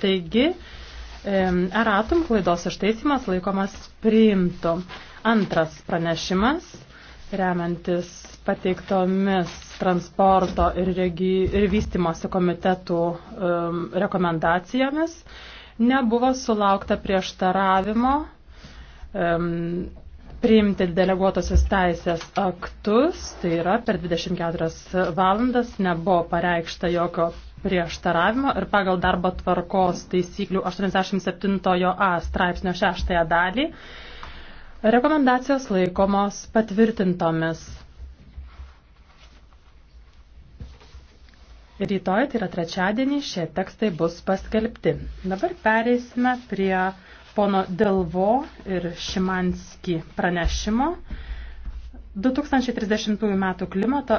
Taigi, eratum klaidos ištaisimas laikomas priimtu. Antras pranešimas, remiantis pateiktomis transporto ir, regi, ir vystimosi komitetų um, rekomendacijomis, nebuvo sulaukta prieštaravimo um, priimti deleguotosios teisės aktus, tai yra per 24 valandas nebuvo pareikšta jokio prieštaravimo ir pagal darbo tvarkos taisyklių 87a straipsnio 6 dalį rekomendacijos laikomos patvirtintomis. Rytoj, tai yra trečiadienį, šie tekstai bus paskelbti. Dabar pereisime prie pono Delvo ir Šimanski pranešimo 2030 m. klimato